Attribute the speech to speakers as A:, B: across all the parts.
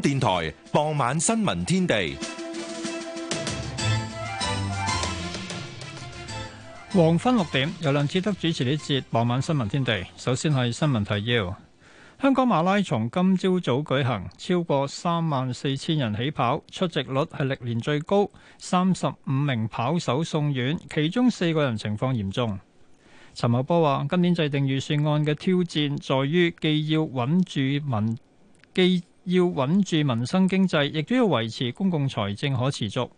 A: 電台傍晚新聞天地，
B: 黃昏六點由梁志德主持呢節傍晚新聞天地。首先係新聞提要：香港馬拉松今朝早舉行，超過三萬四千人起跑，出席率係歷年最高。三十五名跑手送院，其中四個人情況嚴重。陳茂波話：今年制定預算案嘅挑戰在於既要穩住民機。要穩住民生經濟，亦都要維持公共財政可持續。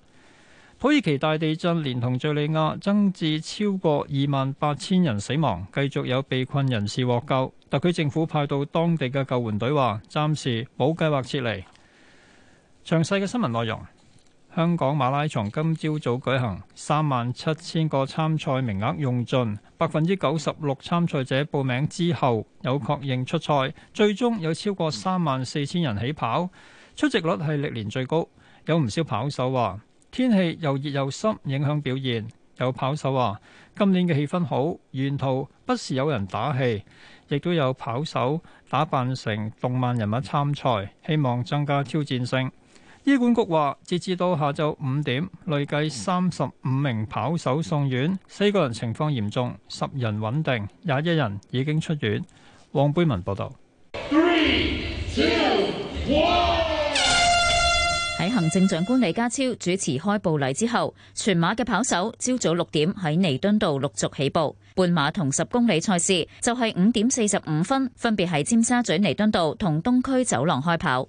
B: 土耳其大地震連同敘利亞增至超過二萬八千人死亡，繼續有被困人士獲救。特區政府派到當地嘅救援隊話，暫時冇計劃撤離。詳細嘅新聞內容。香港馬拉松今朝早舉行，三萬七千個參賽名額用盡，百分之九十六參賽者報名之後有確認出賽，最終有超過三萬四千人起跑，出席率係歷年最高。有唔少跑手話天氣又熱又濕，影響表現。有跑手話今年嘅氣氛好，沿途不時有人打氣，亦都有跑手打扮成動漫人物參賽，希望增加挑戰性。醫管局話，截至到下晝五點，累計三十五名跑手送院，四個人情況嚴重，十人穩定，廿一人已經出院。黃貝文報道。
C: 喺行政長官李家超主持開步禮之後，全馬嘅跑手朝早六點喺彌敦道陸續起步，半馬同十公里賽事就係五點四十五分，分別喺尖沙咀彌敦道同東區走廊開跑。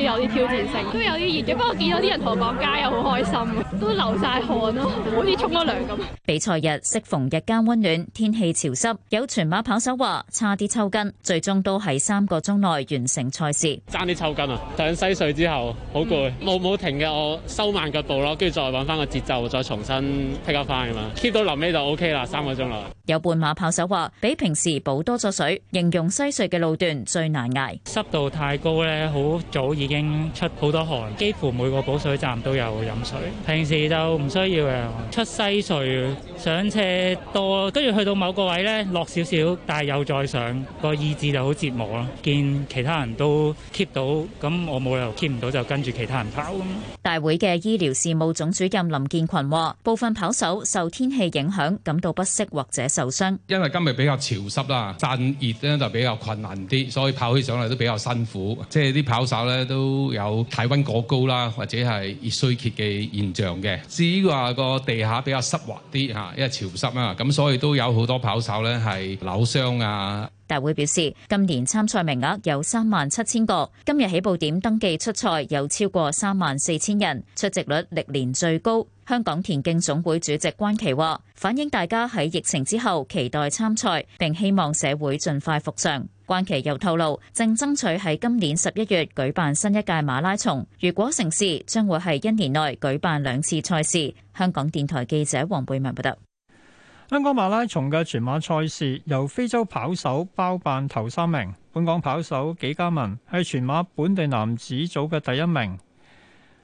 D: 都有啲挑戰性，都有啲熱嘅。不過見到啲人同我講街又好開心，都流晒汗咯，好似沖咗涼
C: 咁。比賽日適逢日間溫暖，天氣潮濕，有全馬跑手話差啲抽筋，最終都係三個鐘內完成賽事。爭啲抽筋啊！等西隧之後好攰，冇冇、嗯、停嘅我
E: 收慢腳步咯，跟住再揾翻個節奏，再重新 pick 翻啊嘛。keep 到臨尾就 OK 啦，三個鐘內。
C: 有半馬跑手話比平時補多咗水，形容西隧嘅路段最難捱。濕度
E: 太高咧，好早已。已經出好多汗，幾乎每個
C: 補水站都
E: 有飲水。平時就唔需要嘅，出西隧上車多，跟住去到某個位咧落少少，但係又再上個意志就好折磨咯。見其他人都 keep 到，咁我冇理由 keep 唔到，就跟住其他人跑。
C: 大會嘅醫療事務總主任林建群話，部分跑手受天氣影響，感到不適或者受傷。
F: 因為今日比較潮濕啦，散熱咧就比較困難啲，所以跑起上嚟都比較辛苦。即係啲跑手咧都。都有體温過高啦，或者係熱衰竭嘅現象嘅。至於話個地下比較濕滑啲嚇，因為潮濕啊，咁所以都有好多跑手呢係扭傷啊。
C: 大會表示，今年參賽名額有三萬七千個，今日起步點登記出賽有超過三萬四千人，出席率歷年最高。香港田徑總會主席關琪話，反映大家喺疫情之後期待參賽，並希望社會盡快復常。關琪又透露，正爭取喺今年十一月舉辦新一屆馬拉松。如果成事，將會喺一年內舉辦兩次賽事。香港電台記者黃貝文報道。香港馬拉
B: 松嘅全馬賽事由非洲跑手包辦頭三名。本港跑手紀嘉文係全馬本地男子組嘅第一名，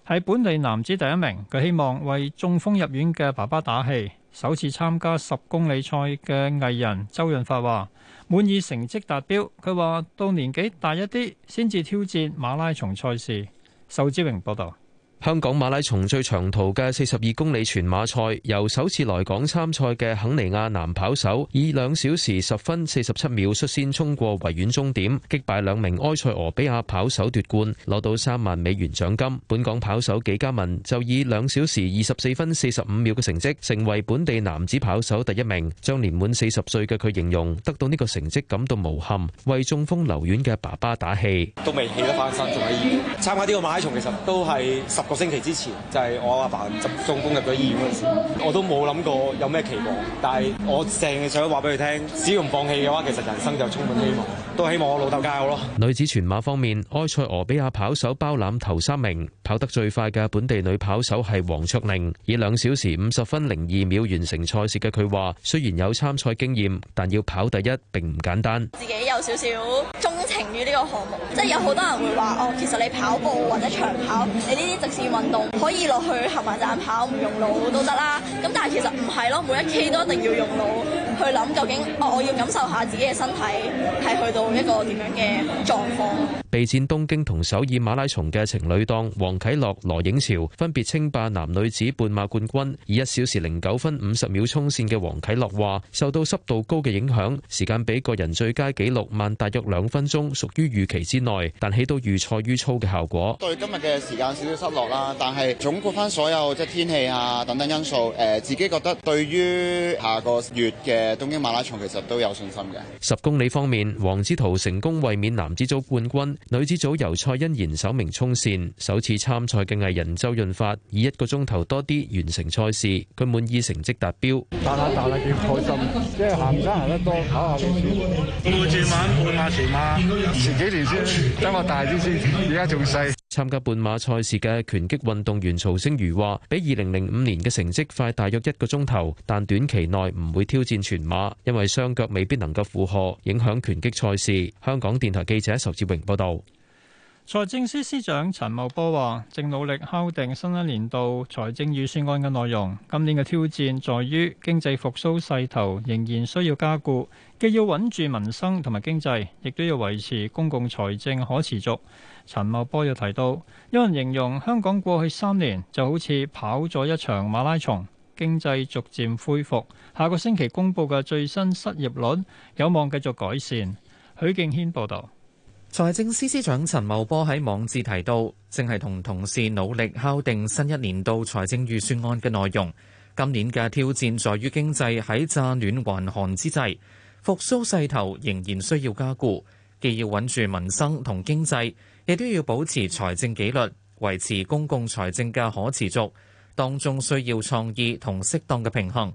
B: 係本地男子第一名。佢希望為中風入院嘅爸爸打氣。首次參加十公里賽嘅藝人周潤發話：滿意成績達標。佢話到年紀大一啲，先至挑戰馬拉松賽事。仇志榮報導。香港馬拉
F: 松最長途嘅四十二公里全馬賽，由首次來港參賽嘅肯尼亞男跑手以兩小時十分四十七秒率先衝過維園終點，擊敗兩名埃塞俄比亞跑手奪冠，攞到三萬美元獎金。本港跑手紀嘉文就以兩小時二十四分四十五秒嘅成績，成為本地男子跑手第一名。將年滿四十歲嘅佢形容得到呢個成績感到無憾，為中風留院嘅爸爸打氣。
A: 都未起得翻身，仲喺醫院參加呢個馬拉松，其實都係十。個星期之前就係、是、我阿爸就送工入咗醫院嗰時，我都冇諗過有咩期望，但係我成日想話俾佢聽，只要唔放棄嘅話，其實人生就充滿希望。都希望我老豆教我咯。女
F: 子全馬方面，埃塞俄比亞跑手包攬頭三名，跑得最快嘅本地女跑手係黃卓寧，以兩小時五十分零二秒完成賽事嘅佢話：，雖然有參賽經驗，但要跑第一並唔簡單。
C: 自己有少少鍾情於呢個項目，即係有好多人會話：，哦，其實你跑步或者長跑，你呢啲直運動可以落去行埋站跑唔用腦都得啦，咁但係其實唔係咯，每一 K 都一定要用腦去諗究竟，哦我要感受下自己嘅身體係去到一個點樣嘅狀況。
F: 備戰東京同首爾馬拉松嘅情侶檔黃啟樂羅影潮分別稱霸男女子半馬冠軍，以一小時零九分五十秒衝線嘅黃啟樂話：受到濕度高嘅影響，時間比個人最佳紀錄慢大約兩分鐘，屬於預期之內，但起到預賽於粗嘅效果。
A: 對今日嘅時間少少失落。但係總括翻所有即係天氣啊等等因素，自己覺得對於下個月嘅東京馬拉松其實都有信心嘅。
F: 十公里方面，黃之圖成功衛冕男子組冠軍，女子組由蔡欣賢首名衝線。首次參賽嘅藝人周潤發以一個鐘頭多啲完成賽事，佢滿意成績達標。
E: 達啦達開心，即係行唔得行得多，跑下少。半小時馬，半前幾年先，等我大啲先，而家仲細。
F: 參加半馬賽事嘅拳擊運動員曹星如話，比二零零五年嘅成績快大約一個鐘頭，但短期內唔會挑戰全馬，因為雙腳未必能夠負荷，影響拳擊賽事。香港電台記者仇志榮報道。
B: 財政司司長陳茂波話，正努力敲定新一年度財政預算案嘅內容。今年嘅挑戰在於經濟復甦勢頭仍然需要加固，既要穩住民生同埋經濟，亦都要維持公共財政可持續。陳茂波又提到，有人形容香港過去三年就好似跑咗一場馬拉松，經濟逐漸恢復，下個星期公佈嘅最新失業率有望繼續改善。許敬軒報導。財
A: 政司司長陳茂波喺網誌提到，正係同同事努力敲定新一年度財政預算案嘅內容。今年嘅挑戰在於經濟喺乍暖還寒之際，復甦勢頭仍然需要加固。既要穩住民生同經濟，亦都要保持財政紀律，維持公共財政嘅可持續。當中需要創意同適當嘅平衡。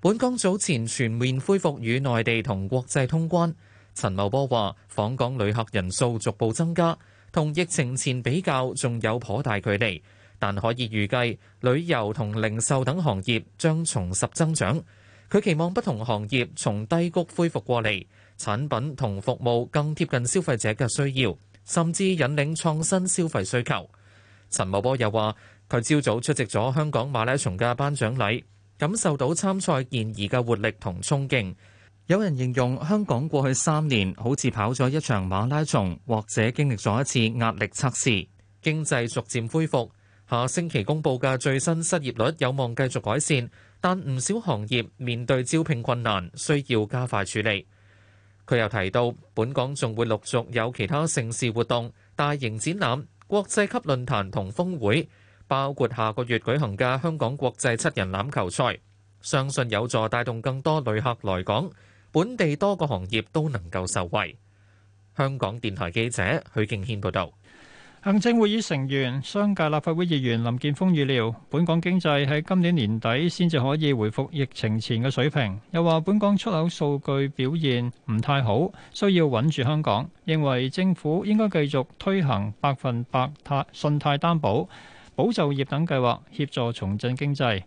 A: 本港早前全面恢復與內地同國際通關，陳茂波話：訪港旅客人數逐步增加，同疫情前比較仲有頗大距離，但可以預計旅遊同零售等行業將重拾增長。佢期望不同行業從低谷恢復過嚟，產品同服務更貼近消費者嘅需要，甚至引領創新消費需求。陳茂波又話：佢朝早出席咗香港馬拉松嘅頒獎禮，感受到參賽健兒嘅活力同衝勁。有人形容香港過去三年好似跑咗一場馬拉松，或者經歷咗一次壓力測試。經濟逐漸恢復，下星期公佈嘅最新失業率有望繼續改善。但唔少行業面對招聘困難，需要加快處理。佢又提到，本港仲會陸續有其他盛事活動、大型展覽、國際級論壇同峰會，包括下個月舉行嘅香港國際七人欖球賽，相信有助帶動更多旅客來港，本地多個行業都能夠受惠。香港電台記
B: 者許敬軒報導。行政會議成員、商界立法會議員林健鋒預料，本港經濟喺今年年底先至可以回復疫情前嘅水平。又話本港出口數據表現唔太好，需要穩住香港。認為政府應該繼續推行百分百信貸擔保、保就業等計劃，協助重振經濟。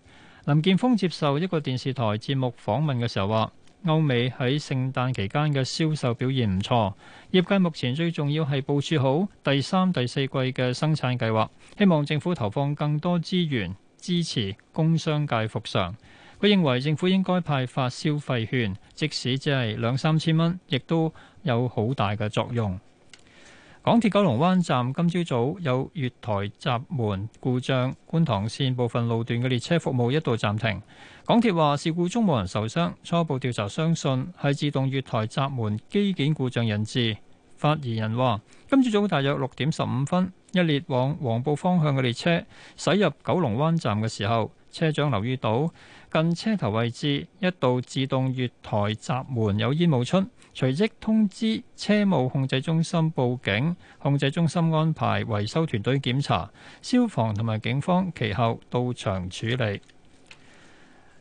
B: 林健鋒接受一個電視台節目訪問嘅時候話，歐美喺聖誕期間嘅銷售表現唔錯，業界目前最重要係部署好第三、第四季嘅生產計劃，希望政府投放更多資源支持工商界復常。佢認為政府應該派發消費券，即使只係兩三千蚊，亦都有好大嘅作用。港鐵九龍灣站今朝早有月台閘門故障，觀塘線部分路段嘅列車服務一度暫停。港鐵話事故中冇人受傷，初步調查相信係自動月台閘門機件故障引致。發言人話：今朝早大約六點十五分，一列往黃埔方向嘅列車駛入九龍灣站嘅時候，車長留意到近車頭位置一度自動月台閘門有煙霧出。隨即通知車務控制中心報警，控制中心安排維修團隊檢查，消防同埋警方其後到場處理。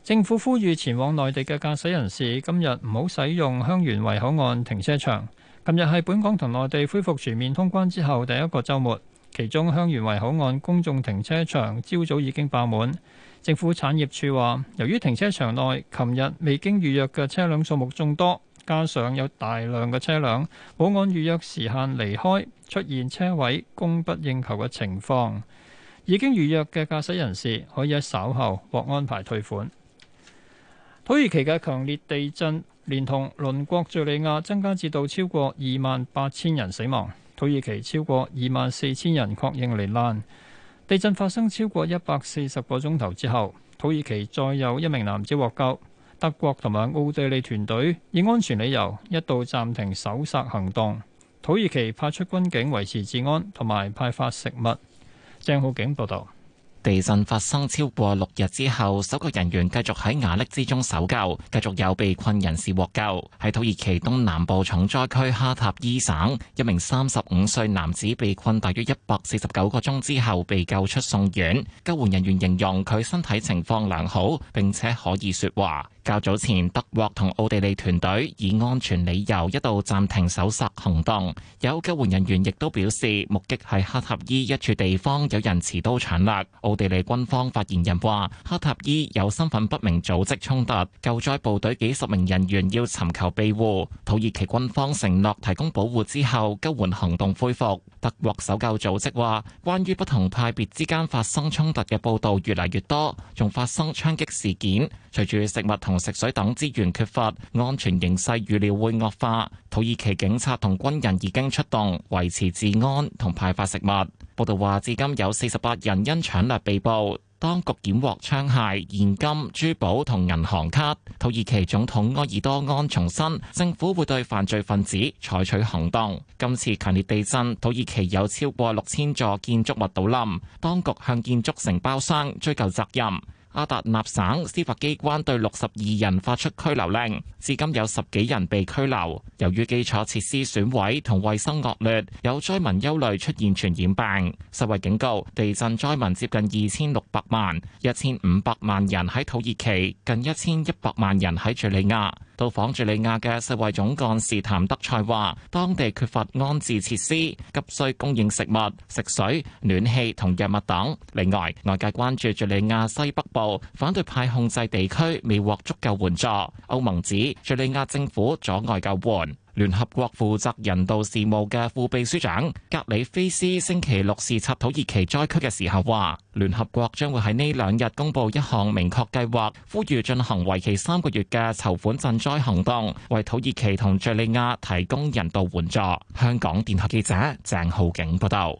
B: 政府呼籲前往內地嘅駕駛人士今日唔好使用香園圍口岸停車場。琴日係本港同內地恢復全面通關之後第一個週末，其中香園圍口岸公眾停車場朝早已經爆滿。政府產業處話，由於停車場內琴日未經預約嘅車輛數目眾多。加上有大量嘅車輛，冇按預約時限離開，出現車位供不應求嘅情況，已經預約嘅駕駛人士可以喺稍後獲安排退款。土耳其嘅強烈地震連同鄰國敘利亞增加至到超過二萬八千人死亡。土耳其超過二萬四千人確認罹難。地震發生超過一百四十個鐘頭之後，土耳其再有一名男子獲救。德國同埋奧地利團隊以安全理由一度暫停搜救行動。土耳其派出軍警維持治安同埋派發食物。張浩景報導。
E: 地震發生超過六日之後，搜救人員繼續喺瓦礫之中搜救，繼續有被困人士獲救。喺土耳其東南部重災區哈塔伊省，一名三十五歲男子被困大約一百四十九個鐘之後被救出送院。救援人員形容佢身體情況良好，並且可以說話。較早前，德國同奧地利團隊以安全理由一度暫停搜救行動。有救援人員亦都表示，目擊係黑塔伊一處地方有人持刀搶掠。奧地利軍方發言人話：黑塔伊有身份不明組織衝突，救災部隊幾十名人員要尋求庇護。土耳其軍方承諾提供保護之後，救援行動恢復。德國搜救組織話：關於不同派別之間發生衝突嘅報導越嚟越多，仲發生槍擊事件。隨住食物同食水等資源缺乏，安全形勢預料會惡化。土耳其警察同軍人已經出動維持治安同派發食物。報道話，至今有四十八人因搶掠被捕，當局檢獲槍械、現金、珠寶同銀行卡。土耳其總統埃爾多安重申，政府會對犯罪分子採取行動。今次強烈地震，土耳其有超過六千座建築物倒冧，當局向建築承包商追究責任。阿達納省司法機關對六十二人發出拘留令，至今有十幾人被拘留。由於基礎設施損毀同衛生惡劣，有災民憂慮出現傳染病。世衛警告，地震災民接近二千六百萬，一千五百萬人喺土耳其，近一千一百萬人喺敍利亞。到訪敍利亞嘅世衛總幹事譚德塞話：當地缺乏安置設施，急需供應食物、食水、暖氣同藥物等。另外，外界關注敍利亞西北部反對派控制地區未獲足夠援助。歐盟指敍利亞政府阻礙救援。聯合國負責人道事務嘅副秘書長格里菲斯星期六視察土耳其災區嘅時候話，聯合國將會喺呢兩日公布一項明確計劃，呼籲進行為期三個月嘅籌款賑災行動，為土耳其同敘利亞提供人道援助。香港電台記者鄭浩景報道，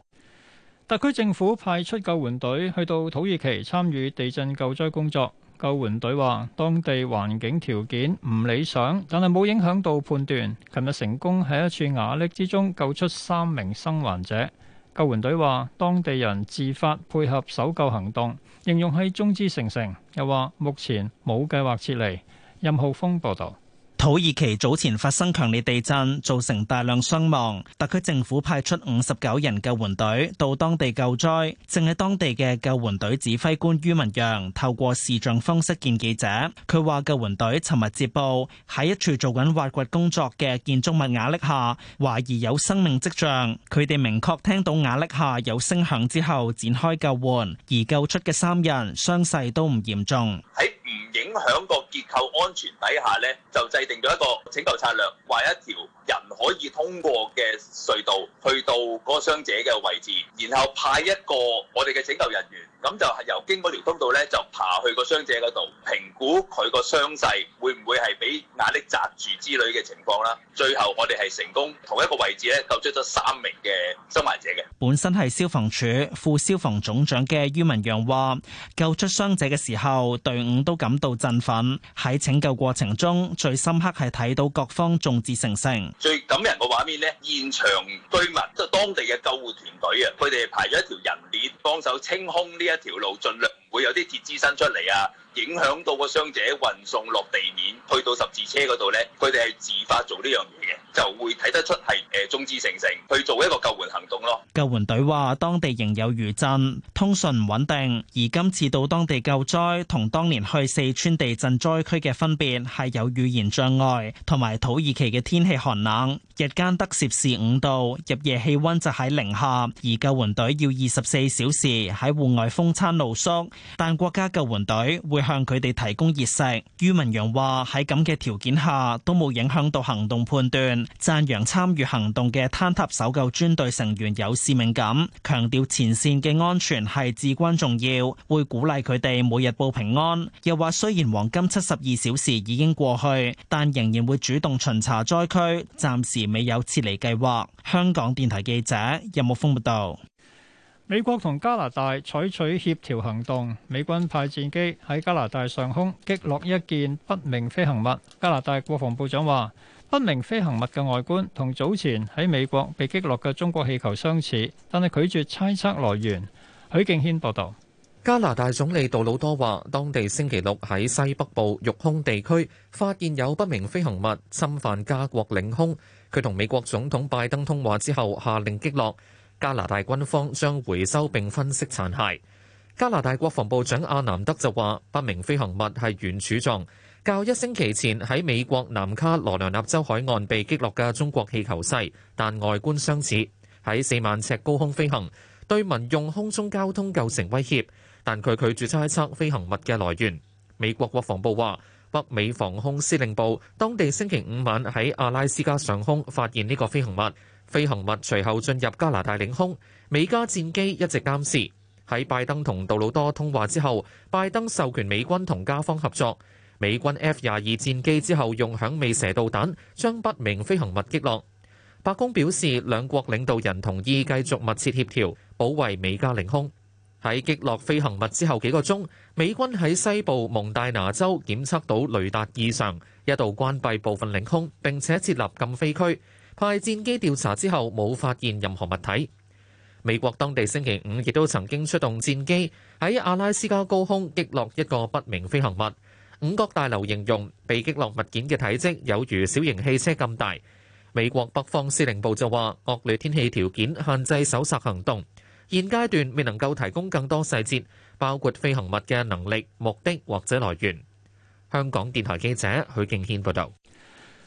B: 特區政府派出救援隊去到土耳其參與地震救災工作。救援隊話：當地環境條件唔理想，但係冇影響到判斷。琴日成功喺一處瓦礫之中救出三名生還者。救援隊話：當地人自發配合搜救行動，形容係眾志成城。又話目前冇計劃撤離。任浩峰報導。土耳其早前發生強烈地震，造成大量傷亡。特區政府派
G: 出五十九人救援隊到當地救災。正喺當地嘅救援隊指揮官于文洋透過視像方式見記者，佢話救援隊尋日接報喺一處做緊挖掘工作嘅建築物瓦礫下，懷疑有生命跡象。佢哋明確聽到瓦礫下有聲響之後展開救援，而救出嘅三人傷勢都唔嚴重。
A: 唔影響個結構安全底下咧，就制定咗一個拯救策略，挖一條人可以通過嘅隧道。去到個傷者嘅位置，然後派一個我哋嘅拯救人員，咁就係由經嗰條通道咧，就爬去個傷者嗰度評估佢個傷勢會唔會係俾壓力壓住之類嘅情況啦？最後我哋係成功同一個位置咧救出咗三名
G: 嘅生還者嘅。本身係消防處副消防總長嘅于文陽話：救出傷者嘅時候，隊伍都感到振奮，喺拯救過程中，最深刻係睇到各方眾志成城。
A: 最感人嘅畫面咧，現場對。當地嘅救援團隊啊，佢哋排咗一條人鏈幫手清空呢一條路，盡量唔會有啲鐵枝伸出嚟啊，影響到個傷者運送落地面去到十字車嗰度呢，佢哋係自發做呢樣嘢嘅，就會睇得出係誒眾志成城去做一個
G: 救援行動咯。救援隊話，當地仍有餘震，通訊唔穩定，而今次到當地救災同當年去四川地震災區嘅分別係有語言障礙同埋土耳其嘅天氣寒冷。日間得攝氏五度，入夜氣温就喺零下，而救援隊要二十四小時喺戶外風餐露宿，但國家救援隊會向佢哋提供熱食。於文陽話：喺咁嘅條件下都冇影響到行動判斷，讚揚參與行動嘅坍塌搜救專隊成員有使命感，強調前線嘅安全係至關重要，會鼓勵佢哋每日報平安。又話雖然黃金七十二小時已經過去，但仍然會主動巡查災區，暫時，未有撤離計劃。香港電台記
B: 者任木峰報道：美國同加拿大採取協調行動，美軍派戰機喺加拿大上空擊落一件不明飛行物。加拿大國防部長話：不明飛行物嘅外觀同早前喺美國被擊落嘅中國氣球相似，但係拒絕猜測來源。許敬軒報道：加拿大
A: 總理杜魯多話，當地星期六喺西北部育空地區發現有不明飛行物侵犯加國領空。佢同美國總統拜登通話之後，下令擊落。加拿大軍方將回收並分析殘骸。加拿大國防部長阿南德就話：不明飛行物係圓柱狀，較一星期前喺美國南卡羅來納州海岸被擊落嘅中國氣球細，但外觀相似。喺四萬尺高空飛行，對民用空中交通構成威脅，但佢拒絕猜測飛行物嘅來源。美國國防部話。北美防空司令部當地星期五晚喺阿拉斯加上空發現呢個飛行物，飛行物隨後進入加拿大領空，美加戰機一直監視，喺拜登同杜魯多通話之後，拜登授權美軍同加方合作，美軍 F 廿二戰機之後用響尾蛇導彈將不明飛行物擊落。白宮表示兩國領導人同意繼續密切協調保衛美加領空。喺擊落飛行物之後幾個鐘，美軍喺西部蒙大拿州檢測到雷達異常，一度關閉部分領空並且設立禁飛區，派戰機調查之後冇發現任何物體。美國當地星期五亦都曾經出動戰機喺阿拉斯加高空擊落一個不明飛行物。五角大樓形容被擊落物件嘅體積有如小型汽車咁大。美國北方司令部就話惡劣天氣條件限制搜查行動。現階段未能夠提供更多細節，包括飛行物嘅能力、目的或者來源。香港電台記者許敬軒報導。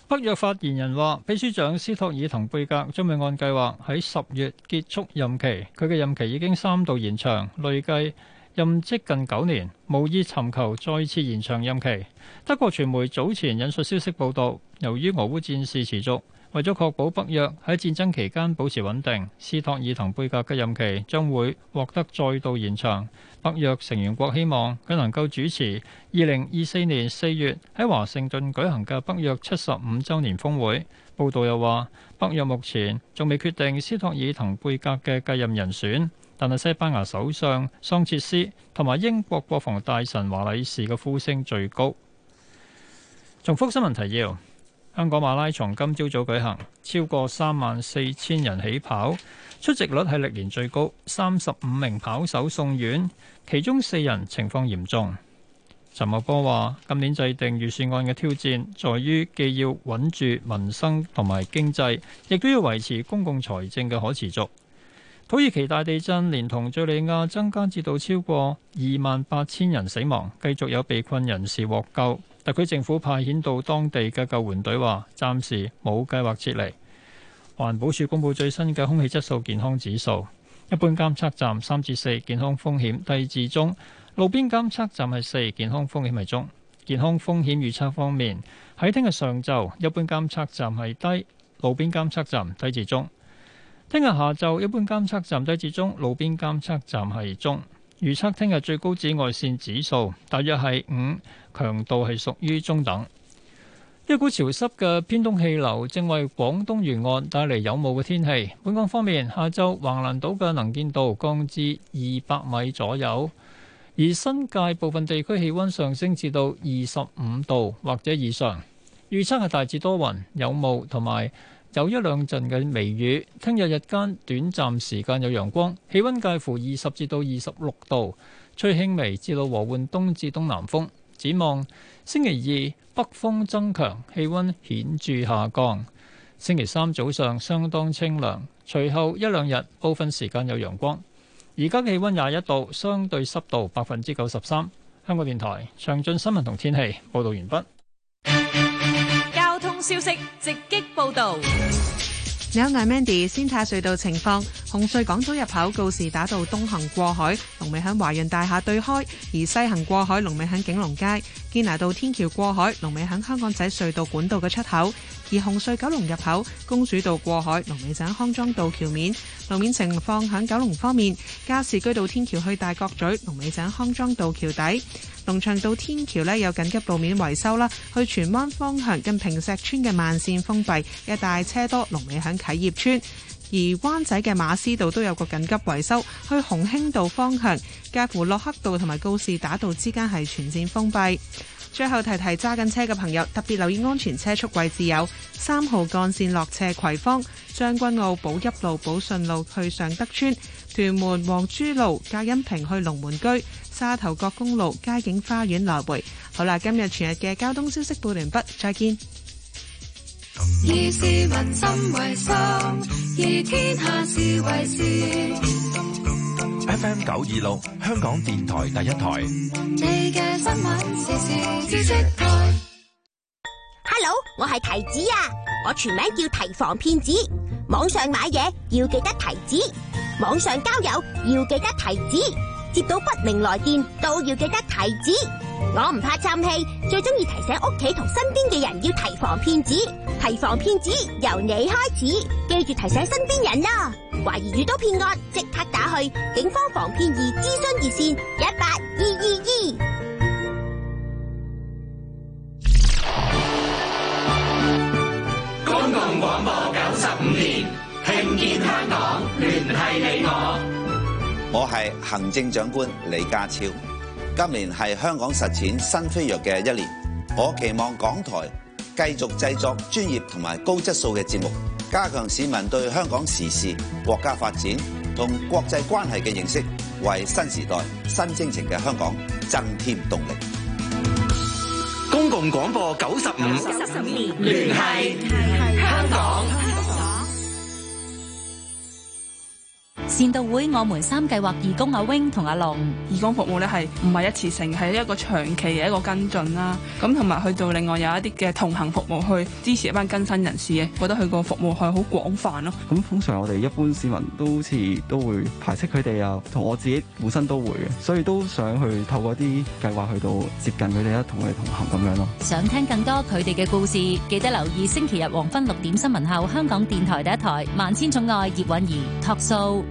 B: 北約發言人話，秘書長斯托爾滕貝格將會按計劃喺十月結束任期，佢嘅任期已經三度延長，累計任職近九年，無意尋求再次延長任期。德國傳媒早前引述消息報導，由於俄烏戰事持續。為咗確保北約喺戰爭期間保持穩定，斯托爾滕貝格嘅任期將會獲得再度延長。北約成員國希望佢能夠主持二零二四年四月喺華盛頓舉行嘅北約七十五週年峰會。報導又話，北約目前仲未決定斯托爾滕貝格嘅繼任人選，但係西班牙首相桑切斯同埋英國國防大臣華禮士嘅呼聲最高。重複新聞提要。香港馬拉松今朝早舉行，超過三萬四千人起跑，出席率係歷年最高。三十五名跑手送院，其中四人情況嚴重。陳茂波話：今年制定預算案嘅挑戰，在於既要穩住民生同埋經濟，亦都要維持公共財政嘅可持續。土耳其大地震連同敘利亞增加至到超過二萬八千人死亡，繼續有被困人士獲救。特區政府派遣到當地嘅救援隊話，暫時冇計劃撤離。環保署公布最新嘅空氣質素健康指數，一般監測站三至四，健康風險低至中；路邊監測站係四，健康風險係中。健康風險預測方面，喺聽日上晝，一般監測站係低，路邊監測站低至中；聽日下晝，一般監測站低至中，路邊監測站係中。預測聽日最高紫外線指數大約係五，強度係屬於中等。一股潮濕嘅偏東氣流正為廣東沿岸帶嚟有霧嘅天氣。本港方面，下晝橫瀾島嘅能見度降至二百米左右，而新界部分地區氣温上升至到二十五度或者以上。預測係大致多雲、有霧同埋。有一兩陣嘅微雨，聽日日間短暫時間有陽光，氣温介乎二十至到二十六度，吹輕微至到和緩東至東南風。展望星期二北風增強，氣温顯著下降。星期三早上相當清涼，隨後一兩日部分時間有陽光。而家氣温廿一度，相對濕度百分之九十三。香港電台詳盡新聞同天氣報導完畢。
D: 消息直擊報道，
H: 你有，艾 Mandy。先睇下隧道情況，紅隧港島入口告示打到東行過海龍尾喺華潤大廈對開，而西行過海龍尾喺景隆街。堅拿道天橋過海，龍尾喺香港仔隧道管道嘅出口；而紅隧九龍入口，公主道過海，龍尾喺康莊道橋面。路面情況喺九龍方面，加士居道天橋去大角咀，龍尾喺康莊道橋底。龍翔道天橋有緊急路面維修啦，去荃灣方向近坪石邨，嘅慢綫封閉，一帶車多，龍尾喺啟業邨。而灣仔嘅馬師道都有個緊急維修，去鴻興道方向，介乎駱克道同埋告士打道之間係全線封閉。最後提提揸緊車嘅朋友，特別留意安全車速位置，有三號幹線落斜葵芳、將軍澳寶邑路、寶順路去尚德邨、屯門黃珠路、嘉恩平去龍門居、沙頭角公路佳景花園來回。好啦，今日全日嘅交通消息報完畢，再見。
E: 以市民心
D: 為心，
F: 以天下事為事。FM 九二六，F F、26, 香港電台第一台。
D: 你嘅新聞時時
C: 知。Hello，我係提子啊，我全名叫提防騙子。網上買嘢要記得提子，網上交友要記得提子，接到不明來電都要記得提子。我唔怕嘥氣，最中意提醒屋企同身邊嘅人要提防騙子，提防騙子由你開始，記住提醒身邊人啦。懷疑遇到騙案，即刻打去警方防騙二諮詢熱線一八二二二。公共廣播九十五年聽見香港，
G: 聯繫你我。我係行政長官李家超。今年係香港實踐新飛躍嘅一年，我期望港台繼續製作專業同埋高質素嘅節目，加強市民對香港時事、國家發展同國際關係嘅認識，為新時代、新征程嘅香港增添動力。公共廣播95九十五，九十五年聯繫香港。香
D: 港善道會我們三計劃義工和阿翁同阿龍，義工服務咧係唔係一
H: 次性，係一個長期嘅一個跟進啦。咁同埋去到另外有一啲嘅同行服務去支持一班更新人士嘅，覺得佢個服務係好廣泛咯。
G: 咁通常我哋一般市民
A: 都好似都會排斥佢哋啊，同我自己本身都會嘅，所以都想去透過啲計劃去到接近佢哋啊，同佢哋同行咁樣咯。
D: 想聽更多佢哋嘅故事，記得留意星期日黃昏六點新聞後，香港電台第一台萬千寵愛葉韻儀托數。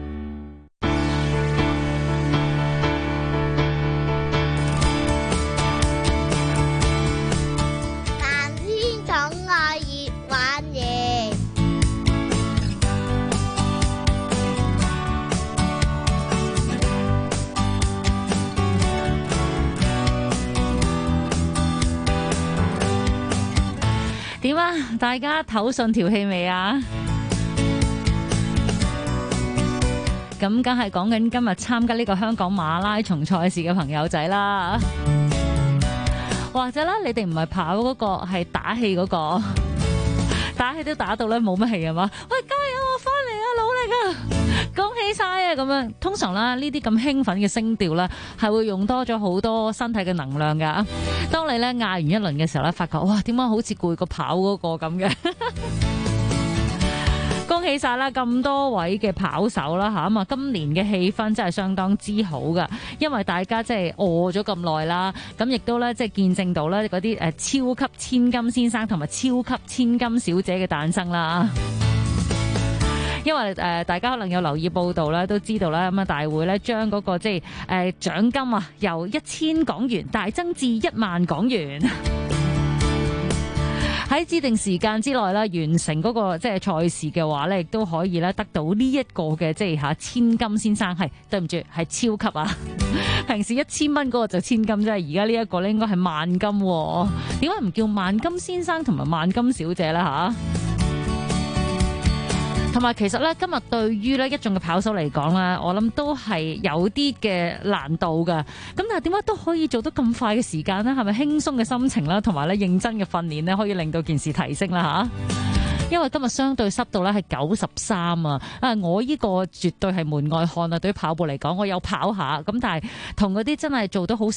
D: 大家唞順條氣未啊？咁梗係講緊今日參加呢個香港馬拉松賽事嘅朋友仔啦，或者啦，你哋唔係跑嗰個，係打氣嗰個，打氣都打到咧，冇乜氣啊嘛？喂！嘥啊咁樣，通常啦呢啲咁興奮嘅聲調咧，係會用多咗好多身體嘅能量噶。當你咧，嗌完一輪嘅時候咧，發覺哇，點解好似攰過跑嗰個咁嘅？ 恭喜晒啦，咁多位嘅跑手啦，吓啊，今年嘅氣氛真係相當之好噶，因為大家即係餓咗咁耐啦，咁亦都咧，即係見證到咧嗰啲誒超級千金先生同埋超級千金小姐嘅誕生啦。因為誒，大家可能有留意報道啦，都知道啦。咁啊，大會咧將嗰個即係誒獎金啊，由一千港元大增至一萬港元。喺指定時間之內咧，完成嗰個即係賽事嘅話咧，亦都可以咧得到呢一個嘅即係吓千金先生，係對唔住，係超級啊！平時一千蚊嗰個就千金啫，而家呢一個咧應該係萬金喎，點解唔叫萬金先生同埋萬金小姐咧吓？同埋其實咧，今日對於呢一眾嘅跑手嚟講啦，我諗都係有啲嘅難度噶。咁但係點解都可以做到咁快嘅時間呢？係咪輕鬆嘅心情啦，同埋咧認真嘅訓練呢，可以令到件事提升啦吓？因為今日相對濕度咧係九十三啊，啊我呢個絕對係門外漢啊，對於跑步嚟講，我有跑下，咁但係同嗰啲真係做到好。